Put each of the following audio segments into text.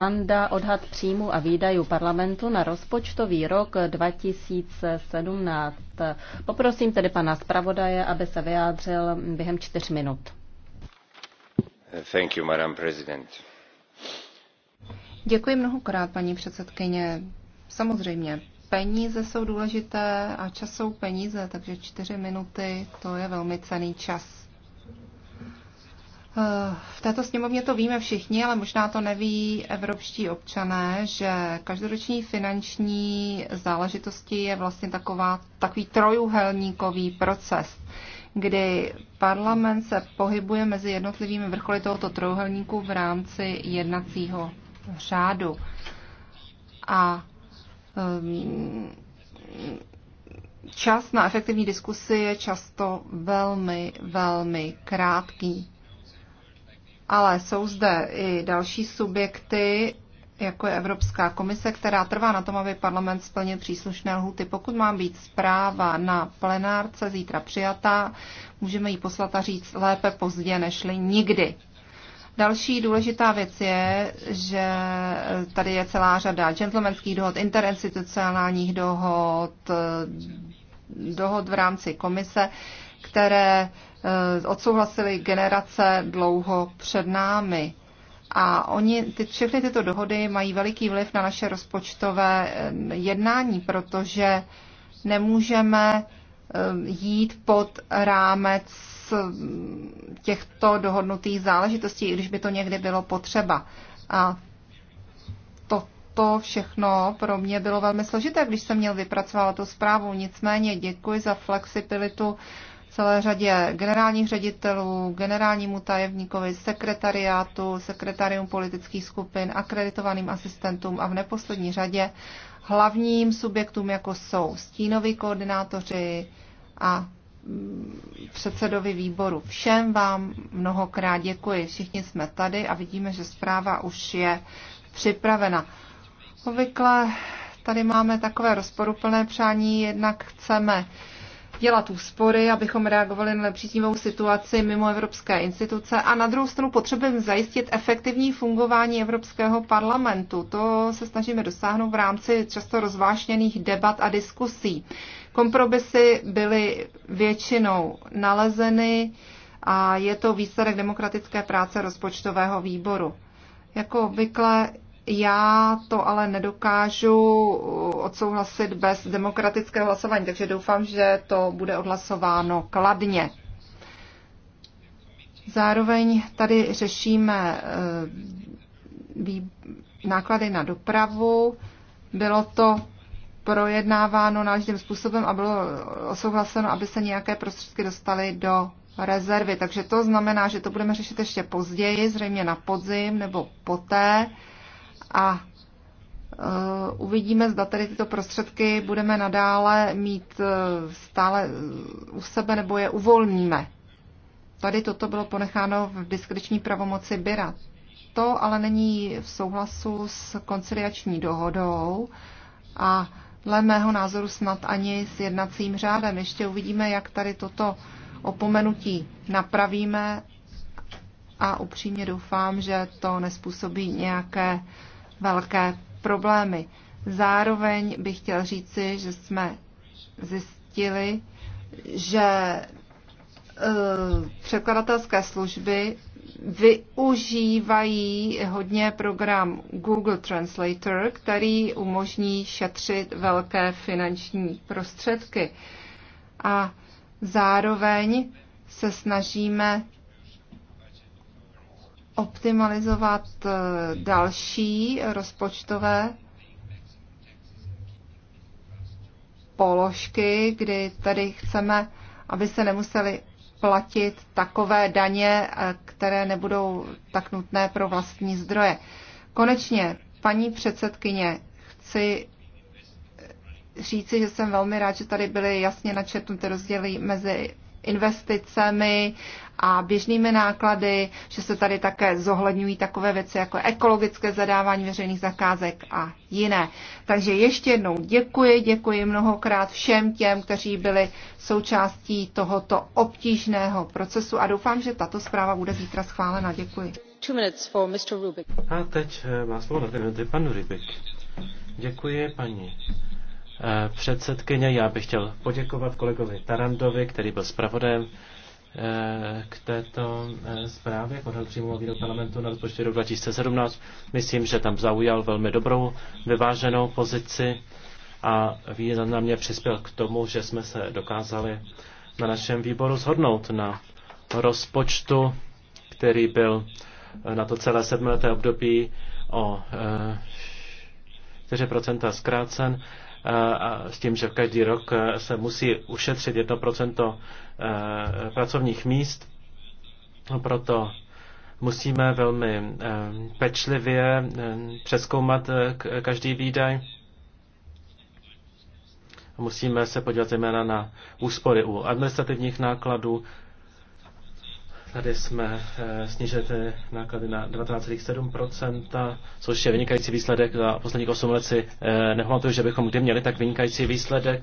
Anda odhad příjmu a výdajů parlamentu na rozpočtový rok 2017. Poprosím tedy pana zpravodaje, aby se vyjádřil během čtyř minut. Thank you, Madam President. Děkuji mnohokrát, paní předsedkyně. Samozřejmě, peníze jsou důležité a čas jsou peníze, takže čtyři minuty to je velmi cený čas. V této sněmovně to víme všichni, ale možná to neví evropští občané, že každoroční finanční záležitosti je vlastně taková, takový trojuhelníkový proces, kdy parlament se pohybuje mezi jednotlivými vrcholy tohoto trojuhelníku v rámci jednacího řádu. A um, čas na efektivní diskusi je často velmi, velmi krátký ale jsou zde i další subjekty, jako je Evropská komise, která trvá na tom, aby parlament splnil příslušné lhuty. Pokud má být zpráva na plenárce zítra přijatá, můžeme ji poslat a říct lépe pozdě nežli nikdy. Další důležitá věc je, že tady je celá řada gentlemanských dohod, interinstitucionálních dohod, dohod v rámci komise, které Eh, odsouhlasili generace dlouho před námi. A oni, ty, všechny tyto dohody mají veliký vliv na naše rozpočtové eh, jednání, protože nemůžeme eh, jít pod rámec těchto dohodnutých záležitostí, i když by to někdy bylo potřeba. A to všechno pro mě bylo velmi složité, když jsem měl vypracovat tu zprávu. Nicméně děkuji za flexibilitu celé řadě generálních ředitelů, generálnímu tajemníkovi, sekretariátu, sekretarium politických skupin, akreditovaným asistentům a v neposlední řadě hlavním subjektům, jako jsou stínoví koordinátoři a mm, předsedovi výboru. Všem vám mnohokrát děkuji. Všichni jsme tady a vidíme, že zpráva už je připravena. Obvykle tady máme takové rozporuplné přání, jednak chceme dělat úspory, abychom reagovali na nepříznivou situaci mimo evropské instituce a na druhou stranu potřebujeme zajistit efektivní fungování Evropského parlamentu. To se snažíme dosáhnout v rámci často rozvášněných debat a diskusí. Kompromisy byly většinou nalezeny a je to výsledek demokratické práce rozpočtového výboru. Jako obvykle já to ale nedokážu odsouhlasit bez demokratického hlasování, takže doufám, že to bude odhlasováno kladně. Zároveň tady řešíme eh, náklady na dopravu. Bylo to projednáváno náležitým způsobem a bylo osouhlaseno, aby se nějaké prostředky dostaly do rezervy. Takže to znamená, že to budeme řešit ještě později, zřejmě na podzim nebo poté a e, uvidíme, zda tady tyto prostředky budeme nadále mít e, stále e, u sebe nebo je uvolníme. Tady toto bylo ponecháno v diskreční pravomoci Byra. To ale není v souhlasu s konciliační dohodou a dle mého názoru snad ani s jednacím řádem. Ještě uvidíme, jak tady toto opomenutí napravíme a upřímně doufám, že to nespůsobí nějaké uh, velké problémy. Zároveň bych chtěl říci, že jsme zjistili, že eh, překladatelské služby využívají hodně program Google Translator, který umožní šetřit velké finanční prostředky. A zároveň se snažíme optimalizovat eh, další rozpočtové položky, kdy tady chceme, aby se nemuseli platit takové daně, eh, které nebudou tak nutné pro vlastní zdroje. Konečně, paní předsedkyně, chci eh, říci, že jsem velmi rád, že tady byly jasně načetnuty rozdíly mezi investicemi a běžnými náklady, že se tady také zohledňují takové věci jako ekologické zadávání veřejných zakázek a jiné. Takže ještě jednou děkuji, děkuji mnohokrát všem těm, kteří byli součástí tohoto obtížného procesu a doufám, že tato zpráva bude zítra schválena. Děkuji. A teď eh, má slovo na ten pan Rybik. Děkuji paní Eh, předsedkyně. Já bych chtěl poděkovat kolegovi Tarandovi, který byl zpravodajem eh, k této eh, zprávě podal přímo do parlamentu na rozpočtu roku 2017. Myslím, že tam zaujal velmi dobrou vyváženou pozici a významně přispěl k tomu, že jsme se dokázali na našem výboru shodnout na rozpočtu, který byl na to celé sedmileté období o 4% zkrácen a s tím, že každý rok e, se musí ušetřit 1% e, pracovních míst. Proto musíme velmi e, pečlivě přeskoumat každý výdaj. Musíme se podívat zejména na úspory u administrativních nákladů, Tady jsme eh, snížili ty náklady na 19,7%, což je vynikající výsledek. Za posledních 8 let si eh, nepamatuju, že bychom kdy měli tak vynikající výsledek.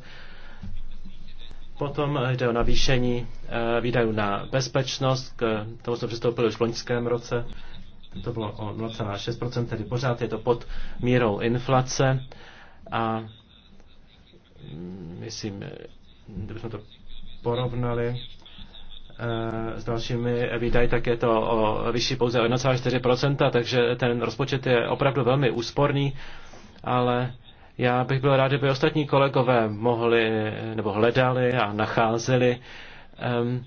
Potom eh, jde o navýšení výdajů na bezpečnost, k tomu jsme přistoupili už v loňském roce, to bylo o 0,6%, tedy pořád je to pod mírou inflace a mm, myslím, kdybychom to porovnali Eh, s dalšími výdaji, tak je to o vyšší pouze o 1,4%, takže ten rozpočet je opravdu velmi úsporný, ale já bych byl rád, kdyby ostatní kolegové mohli nebo hledali a nacházeli um,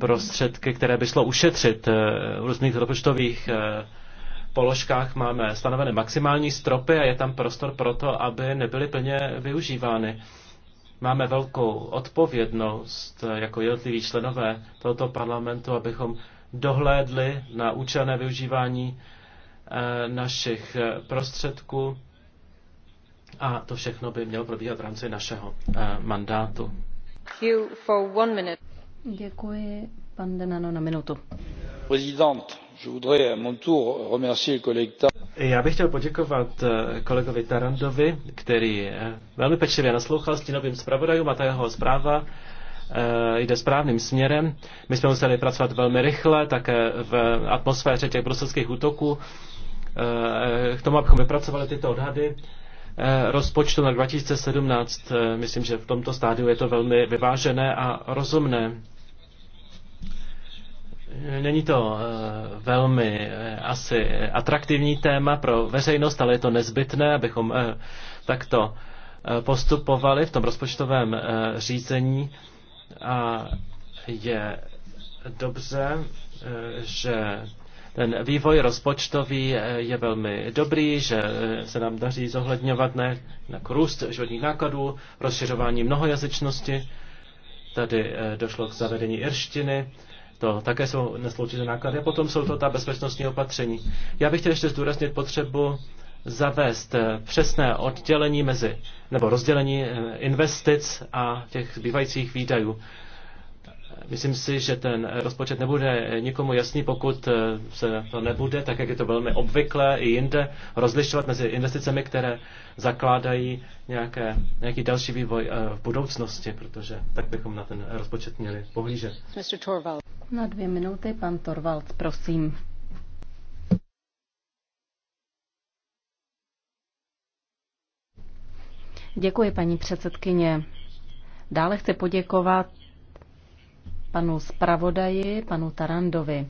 prostředky, které by šlo ušetřit eh, v různých rozpočtových eh, položkách. Máme stanovené maximální stropy a je tam prostor pro to, aby nebyly plně využívány máme velkou odpovědnost eh, jako jednotliví členové tohoto parlamentu, abychom dohlédli na účelné využívání eh, našich eh, prostředků a to všechno by mělo probíhat v rámci našeho mandátu. Děkuji, pan Denano, na minutu. Prezident, je voudrais à mon tour remercier le collègue já bych chtěl poděkovat eh, kolegovi Tarandovi, který eh, velmi pečlivě naslouchal novým zpravodajům a ta jeho zpráva eh, jde správným směrem. My jsme museli pracovat velmi rychle, také v atmosféře těch bruselských útoků, k tomu, abychom vypracovali tyto odhady rozpočtu na 2017. Myslím, že v tomto stádiu je to velmi vyvážené a rozumné. Není to eh, velmi eh, asi atraktivní téma pro veřejnost, ale je to nezbytné, abychom eh, takto postupovali v tom rozpočtovém řízení a je dobře, že ten vývoj rozpočtový je velmi dobrý, že se nám daří zohledňovat ne, na růst životních nákladů, rozšiřování mnohojazyčnosti. Tady došlo k zavedení irštiny to také jsou nesloučitelné náklady. A potom jsou to ta bezpečnostní opatření. Já bych chtěl ještě zdůraznit potřebu zavést eh, přesné oddělení mezi, nebo rozdělení eh, investic a těch zbývajících výdajů. Myslím si, že ten rozpočet nebude nikomu jasný, pokud eh, se to nebude, tak jak je to velmi obvyklé i jinde, rozlišovat mezi investicemi, které zakládají nějaké, nějaký další vývoj eh, v budoucnosti, protože tak bychom na ten rozpočet měli pohlížet. Na dvě minuty, pan Torvald, prosím. Děkuji, paní předsedkyně. Dále chci poděkovat panu zpravodaji, panu Tarandovi.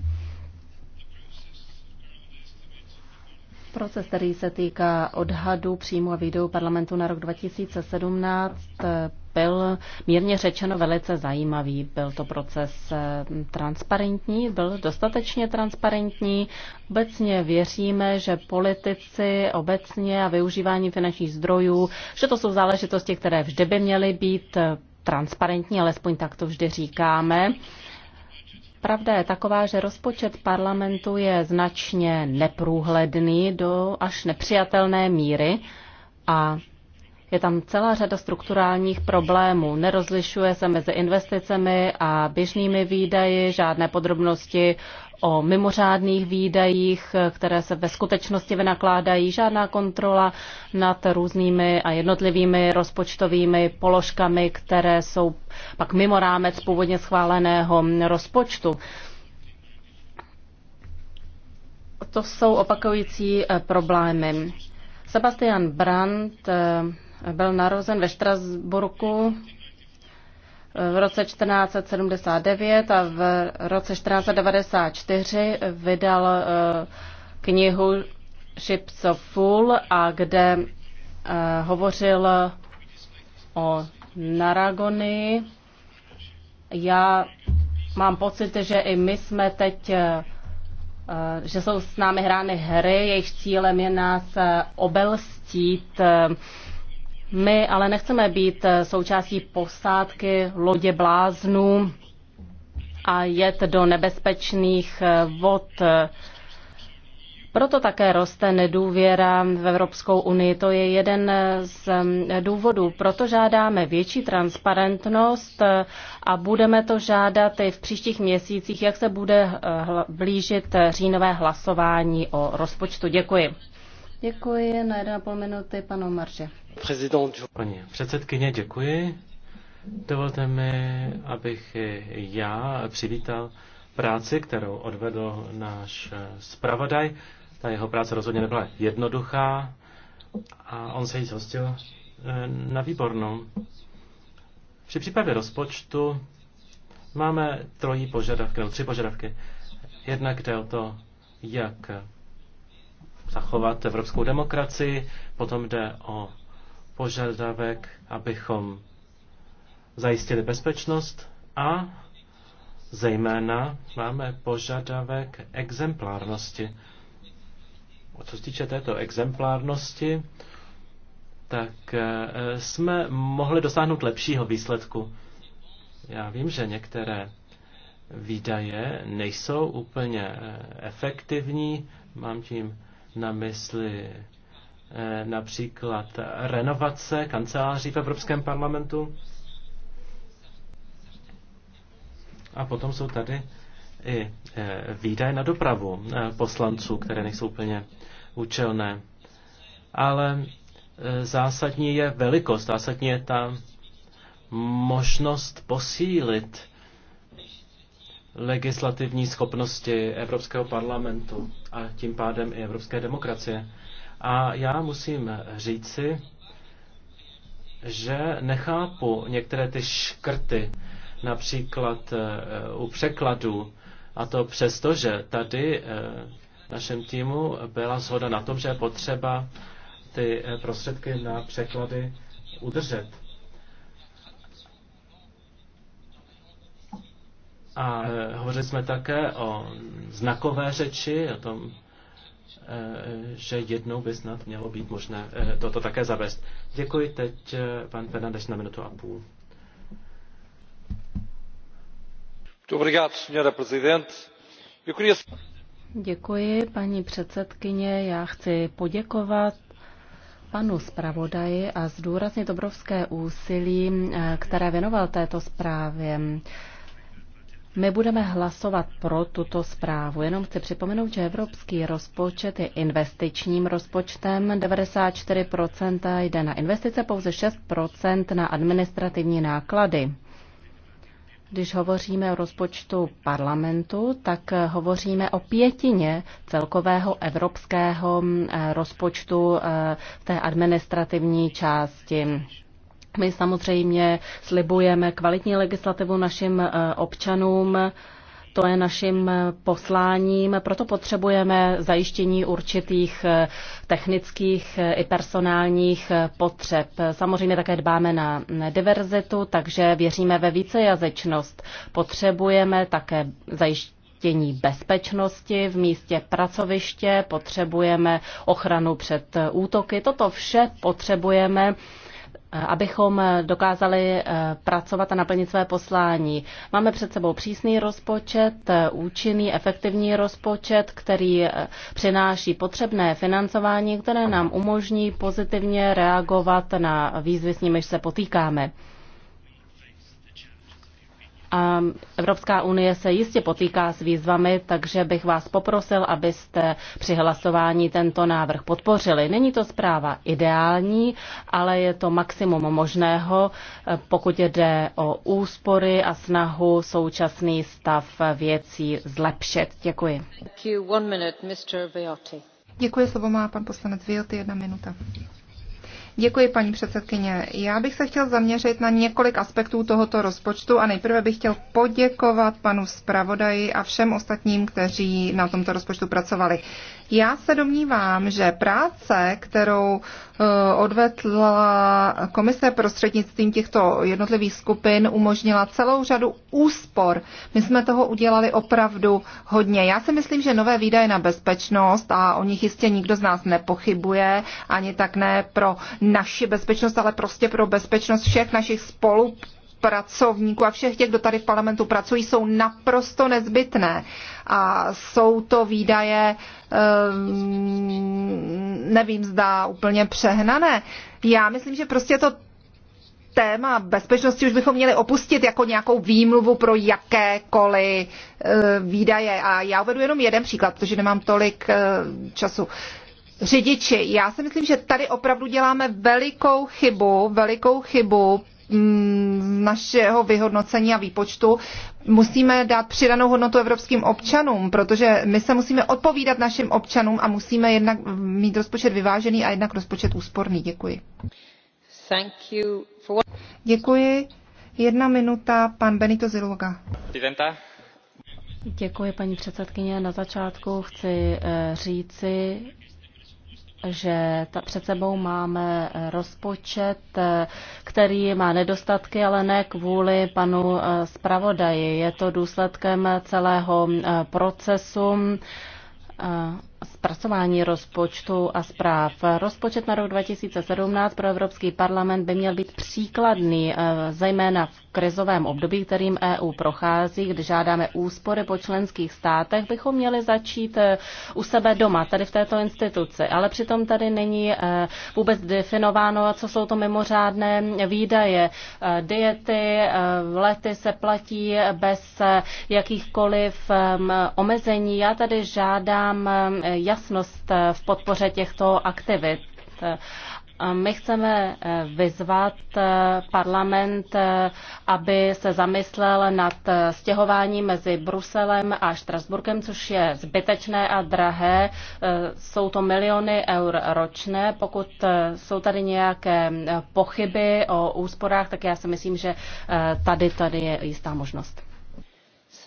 Proces, který se týká odhadu příjmu a parlamentu na rok 2017, byl mírně řečeno velice zajímavý. Byl to proces eh, transparentní, byl dostatečně transparentní. Obecně věříme, že politici obecně a využívání finančních zdrojů, že to jsou záležitosti, které vždy by měly být eh, transparentní, alespoň tak to vždy říkáme. Pravda je taková, že rozpočet parlamentu je značně neprůhledný do až nepřijatelné míry a je tam celá řada strukturálních problémů. Nerozlišuje se mezi investicemi a běžnými výdaji, žádné podrobnosti o mimořádných výdajích, které se ve skutečnosti vynakládají, žádná kontrola nad různými a jednotlivými rozpočtovými položkami, které jsou pak mimo rámec původně schváleného rozpočtu. To jsou opakující eh, problémy. Sebastian Brandt eh, byl narozen ve Štrasburku v roce 1479 a v roce 1494 vydal eh, knihu Ships of Fool, a kde eh, hovořil o Naragony. Já mám pocit, že i my jsme teď, eh, že jsou s námi hrány hry, jejich cílem je nás obelstít my ale nechceme být eh, součástí posádky lodě bláznů a jet do nebezpečných eh, vod. Proto také roste nedůvěra v Evropskou unii. To je jeden eh, z mm, důvodů. Proto žádáme větší transparentnost a budeme to žádat i v příštích měsících, jak se bude blížit říjnové hlasování o rozpočtu. Děkuji. Děkuji na 1,5 minuty panu Marže. Paní předsedkyně, děkuji. Dovolte mi, abych já přivítal práci, kterou odvedl náš zpravodaj. Ta jeho práce rozhodně nebyla jednoduchá a on se jí zhostil eh, na výbornou. Při přípravě rozpočtu máme trojí požadavky, nebo tři požadavky. Jednak jde o to, jak zachovat evropskou demokracii, potom jde o požadavek, abychom zajistili bezpečnost a zejména máme požadavek exemplárnosti. Co se týče této exemplárnosti, tak eh, jsme mohli dosáhnout lepšího výsledku. Já vím, že některé výdaje nejsou úplně eh, efektivní, mám tím na mysli eh, například renovace kanceláří v Evropském parlamentu. A potom jsou tady i eh, výdaje na dopravu eh, poslanců, které nejsou úplně účelné. Ale zásadní je velikost, zásadní je ta možnost posílit legislativní schopnosti Evropského parlamentu a tím pádem i evropské demokracie. A já musím říci, že nechápu některé ty škrty, například eh, u překladu, a to přesto, že tady eh, v našem týmu byla zhoda na tom, že je potřeba ty eh, prostředky na překlady udržet. A e, hovořili jsme také o znakové řeči, o tom, e, že jednou by snad mělo být možné e, toto také zavést. Děkuji teď, pan Fernandeš, na minutu a půl. Děkuji, paní předsedkyně. Já chci poděkovat panu zpravodaji a zdůraznit obrovské úsilí, které věnoval této zprávě. My budeme hlasovat pro tuto zprávu. Jenom chci připomenout, že evropský rozpočet je investičním rozpočtem. 94% jde na investice, pouze 6% na administrativní náklady. Když hovoříme o rozpočtu parlamentu, tak hovoříme o pětině celkového evropského eh, rozpočtu eh, v té administrativní části. My samozřejmě slibujeme kvalitní legislativu našim eh, občanům. To je naším eh, posláním, proto potřebujeme zajištění určitých eh, technických i personálních potřeb. Samozřejmě také dbáme na diverzitu, takže věříme ve vícejazyčnost. Potřebujeme také zajištění bezpečnosti v místě pracoviště, potřebujeme ochranu před útoky. Toto vše potřebujeme abychom dokázali eh, pracovat a naplnit své poslání. Máme před sebou přísný rozpočet, eh, účinný, efektivní rozpočet, který eh, přináší potřebné financování, které nám umožní pozitivně reagovat na výzvy, s nimiž se potýkáme. A Evropská unie se jistě potýká s výzvami, takže bych vás poprosil, abyste při hlasování tento návrh podpořili. Není to zpráva ideální, ale je to maximum možného, pokud jde o úspory a snahu současný stav věcí zlepšit. Děkuji. Děkuji, slovo má pan poslanec Vioty, jedna minuta. Děkuji, paní předsedkyně. Já bych se chtěl zaměřit na několik aspektů tohoto rozpočtu a nejprve bych chtěl poděkovat panu zpravodaji a všem ostatním, kteří na tomto rozpočtu pracovali. Já se domnívám, že práce, kterou eh, odvedla komise prostřednictvím těchto jednotlivých skupin, umožnila celou řadu úspor. My jsme toho udělali opravdu hodně. Já si myslím, že nové výdaje na bezpečnost, a o nich jistě nikdo z nás nepochybuje, ani tak ne pro naši bezpečnost, ale prostě pro bezpečnost všech našich spolu pracovníků a všech těch, kdo tady v parlamentu pracují, jsou naprosto nezbytné. A jsou to výdaje, ehm, nevím, zda úplně přehnané. Já myslím, že prostě to téma bezpečnosti už bychom měli opustit jako nějakou výmluvu pro jakékoliv e, výdaje. A já uvedu jenom jeden příklad, protože nemám tolik e, času řidiči. Já si myslím, že tady opravdu děláme velikou chybu, velikou chybu mm, našeho vyhodnocení a výpočtu musíme dát přidanou hodnotu evropským občanům, protože my se musíme odpovídat našim občanům a musíme jednak mít rozpočet vyvážený a jednak rozpočet úsporný. Děkuji. Thank you for... Děkuji. Jedna minuta, pan Benito Ziluga. Děkuji, paní předsedkyně. Na začátku chci eh, říci, že ta, před sebou máme rozpočet, eh, který má nedostatky, ale ne kvůli panu eh, zpravodaji. Je to důsledkem celého eh, procesu zpracování rozpočtu a zpráv. Rozpočet na rok 2017 pro Evropský parlament by měl být příkladný, eh, zejména v krizovém období, kterým EU prochází, kdy žádáme úspory po členských státech, bychom měli začít eh, u sebe doma, tady v této instituci. Ale přitom tady není eh, vůbec definováno, co jsou to mimořádné výdaje. Diety, lety se platí bez jakýchkoliv omezení. Já tady žádám jasnost v podpoře těchto aktivit. My chceme vyzvat parlament, aby se zamyslel nad stěhováním mezi Bruselem a Štrasburkem, což je zbytečné a drahé. Jsou to miliony eur ročné. Pokud jsou tady nějaké pochyby o úsporách, tak já si myslím, že tady, tady je jistá možnost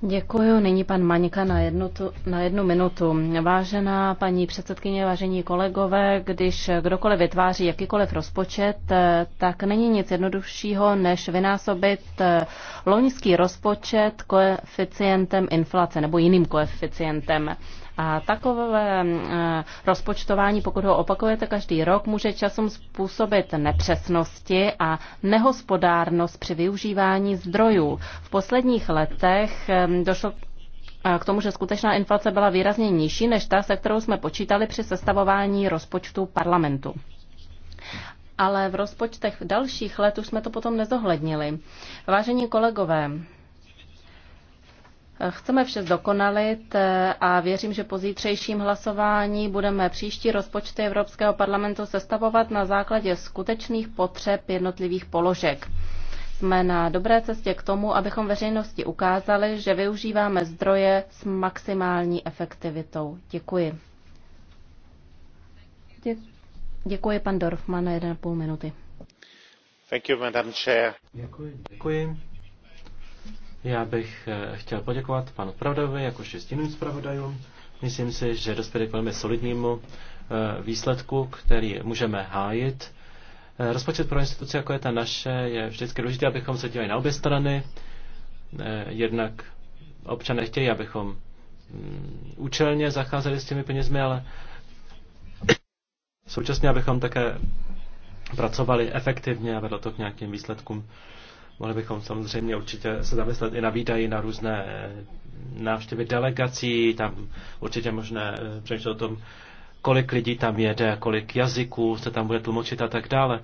Děkuji. pan na jednu, minutu. Vážená paní předsedkyně, vážení kolegové, když kdokoliv vytváří jakýkoliv rozpočet, tak není nic jednoduššího, než vynásobit eh, loňský rozpočet koeficientem inflace nebo jiným koeficientem. A takové eh, rozpočtování, pokud ho opakujete každý rok, může časom způsobit nepřesnosti a nehospodárnost při využívání zdrojů. V posledních letech eh, došlo eh, k tomu, že skutečná inflace byla výrazně nižší než ta, se kterou jsme počítali při sestavování rozpočtu parlamentu. Ale v rozpočtech dalších let už jsme to potom nezohlednili. Vážení kolegové, Chceme vše zdokonalit eh, a věřím, že po zítřejším hlasování budeme příští rozpočty Evropského parlamentu sestavovat na základě skutečných potřeb jednotlivých položek. Jsme na dobré cestě k tomu, abychom veřejnosti ukázali, že využíváme zdroje s maximální efektivitou. Děkuji. Děkuji, pan Dorfman, na 1,5 minuty. Thank you, madam chair. Děkuji. Děkuji. Já bych eh, chtěl poděkovat panu Pravdovi, jako i zpravodajům. Myslím si, že dospěli k velmi solidnímu eh, výsledku, který můžeme hájit. Eh, rozpočet pro instituce, jako je ta naše, je vždycky důležité, abychom se dívali na obě strany. Jednak občané chtějí, abychom mm, účelně zacházeli s těmi penězmi, ale současně, abychom také pracovali efektivně a vedlo to k nějakým výsledkům. Mohli bychom samozřejmě určitě se zamyslet i na výdaji na různé eh, návštěvy delegací, tam určitě možné eh, přemýšlet o tom, kolik lidí tam jede, kolik jazyků se tam bude tlumočit a tak dále.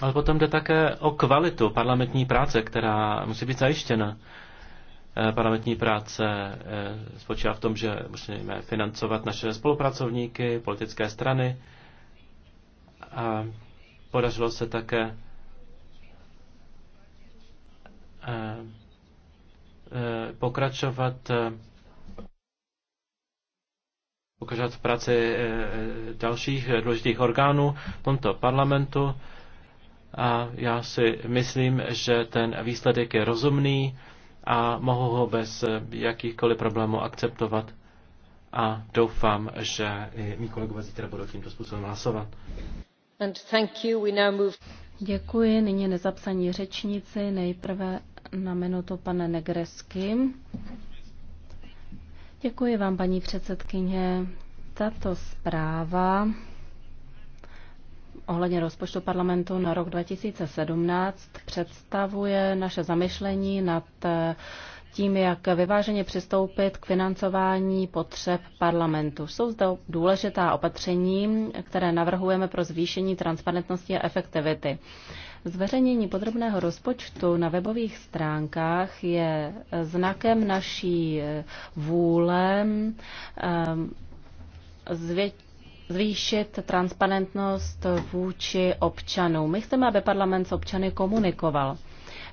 Ale potom jde také o kvalitu parlamentní práce, která musí být zajištěna. Eh, parlamentní práce spočívá v tom, že musíme financovat naše spolupracovníky, politické strany. A podařilo se také Eh, eh, pokračovat eh, pokračovat v práci dalších důležitých orgánů v tomto parlamentu. A já si myslím, že ten výsledek je rozumný a mohu ho bez jakýchkoliv problémů akceptovat. A doufám, že i mý kolegové zítra budou tímto způsobem hlasovat. Děkuji. Nyní nezapsaní řečníci. Nejprve na minutu pane Negresky. Děkuji vám, paní předsedkyně. Tato zpráva ohledně rozpočtu parlamentu na rok 2017 představuje naše zamyšlení nad tím, jak vyváženě přistoupit k financování potřeb parlamentu. Jsou zde důležitá opatření, které navrhujeme pro zvýšení transparentnosti a efektivity. Zveřejnění podrobného rozpočtu na webových stránkách je znakem naší vůle ehm, zvýšit transparentnost vůči občanům. My chceme, aby parlament s občany komunikoval.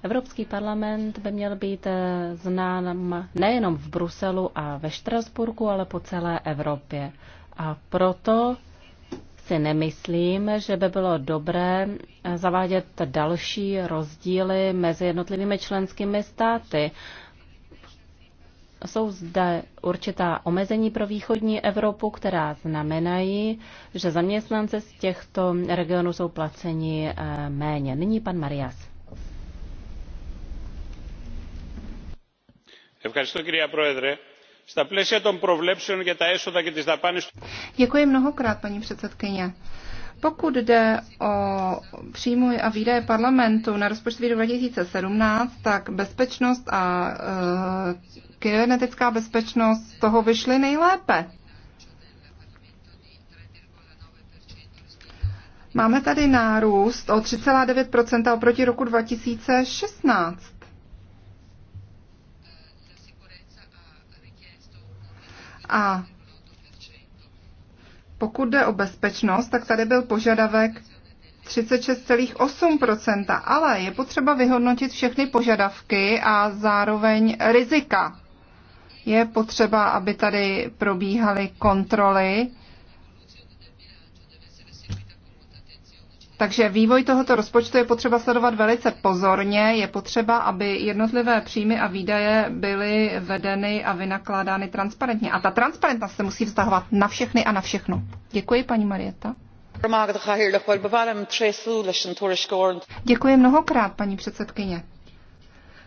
Evropský parlament by měl být eh, znám nejenom v Bruselu a ve Štrasburku, ale po celé Evropě. A proto si nemyslím, že by bylo dobré eh, zavádět další rozdíly mezi jednotlivými členskými státy. Jsou zde určitá omezení pro východní Evropu, která znamenají, že zaměstnanci z těchto regionů jsou placeni eh, méně. Nyní pan Marias. Κυρία Πρόεδρε. Στα πλαίσια των προβλέψεων για τα έσοδα και τις δαπάνες... Děkuji mnohokrát, paní předsedkyně. Pokud jde o příjmy a výdaje parlamentu na rozpočtový rok 2017, tak bezpečnost a e, kybernetická bezpečnost z toho vyšly nejlépe. Máme tady nárůst o 3,9 oproti roku 2016. A pokud jde o bezpečnost, tak tady byl požadavek 36,8%, ale je potřeba vyhodnotit všechny požadavky a zároveň rizika. Je potřeba, aby tady probíhaly kontroly Takže vývoj tohoto rozpočtu je potřeba sledovat velice pozorně. Je potřeba, aby jednotlivé příjmy a výdaje byly vedeny a vynakládány transparentně. A ta transparentnost se musí vztahovat na všechny a na všechno. Děkuji, paní Marieta. Děkuji mnohokrát, paní předsedkyně.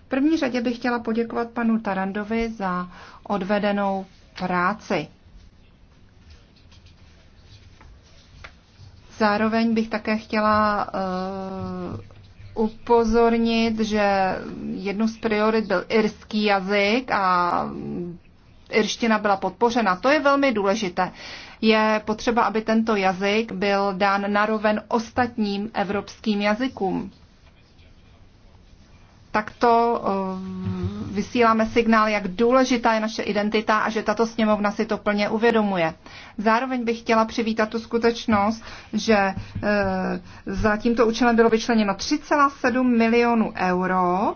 V první řadě bych chtěla poděkovat panu Tarandovi za odvedenou práci. Zároveň bych také chtěla eh, upozornit, že jednu z priorit byl irský jazyk a irština byla podpořena. To je velmi důležité. Je potřeba, aby tento jazyk byl dán naroven ostatním evropským jazykům takto eh, vysíláme signál, jak důležitá je naše identita a že tato sněmovna si to plně uvědomuje. Zároveň bych chtěla přivítat tu skutečnost, že eh, za tímto účelem bylo vyčleněno 3,7 milionů euro,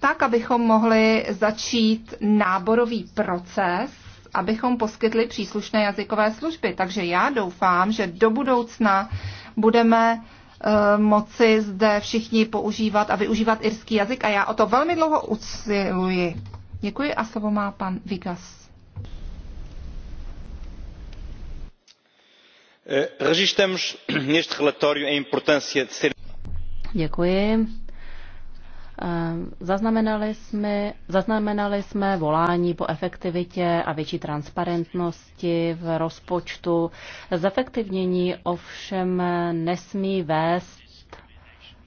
tak, abychom mohli začít náborový proces abychom poskytli příslušné jazykové služby. Takže já doufám, že do budoucna budeme Eh, moci zde všichni používat a využívat irský jazyk a já o to velmi dlouho usiluji. Děkuji a slovo má pan Vigas. Eh, Registramos neste relatório a importância de ser. Děkuji. Eh, zaznamenali jsme, zaznamenali jsme volání po efektivitě a větší transparentnosti v rozpočtu. Zefektivnění ovšem nesmí vést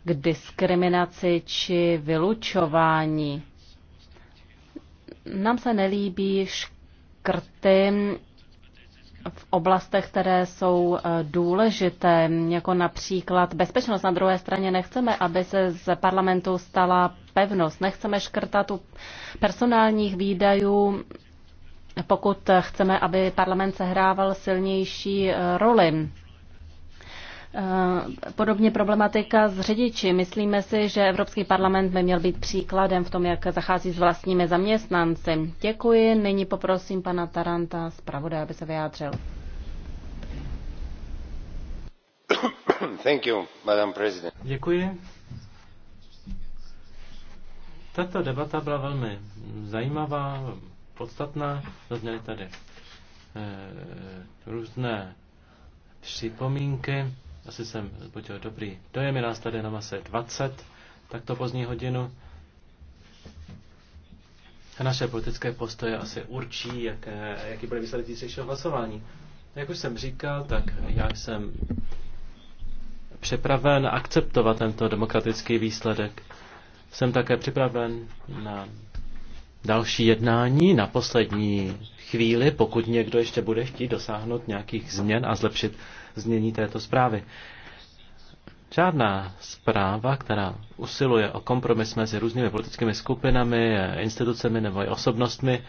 k diskriminaci či vylučování. Nám se nelíbí škrty v oblastech, které jsou eh, důležité, jako například bezpečnost. Na druhé straně nechceme, aby se z parlamentu stala pevnost. Nechceme škrtat u personálních výdajů, pokud chceme, aby parlament sehrával silnější eh, roli. Eh, podobně problematika s řidiči. Myslíme si, že Evropský parlament by měl být příkladem v tom, jak zachází s vlastními zaměstnanci. Děkuji. Nyní poprosím pana Taranta, zpravodaje, aby se vyjádřil. Thank you, Madam President. Děkuji. Tato debata byla velmi zajímavá, podstatná. Zazněly tady e, různé připomínky. Asi jsem budil dobrý dojem, je nás tady na mase 20, takto pozdní hodinu. A naše politické postoje asi určí, jak, jaký bude výsledek dnešního hlasování. Jak už jsem říkal, tak já jsem připraven akceptovat tento demokratický výsledek. Jsem také připraven na další jednání na poslední chvíli, pokud někdo ještě bude chtít dosáhnout nějakých změn a zlepšit změní této zprávy. Žádná zpráva, která usiluje o kompromis mezi různými politickými skupinami, institucemi nebo i osobnostmi,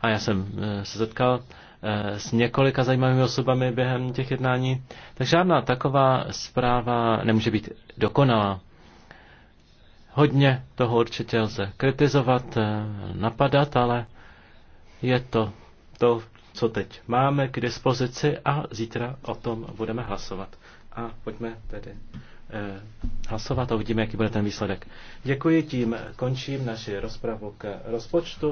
a já jsem eh, se setkal eh, s několika zajímavými osobami během těch jednání, tak žádná taková zpráva nemůže být dokonalá. Hodně toho určitě lze kritizovat, eh, napadat, ale je to to, co teď máme k dispozici a zítra o tom budeme hlasovat. A pojďme tedy eh, hlasovat a uvidíme, jaký bude ten výsledek. Děkuji, tím končím naši rozpravu k rozpočtu.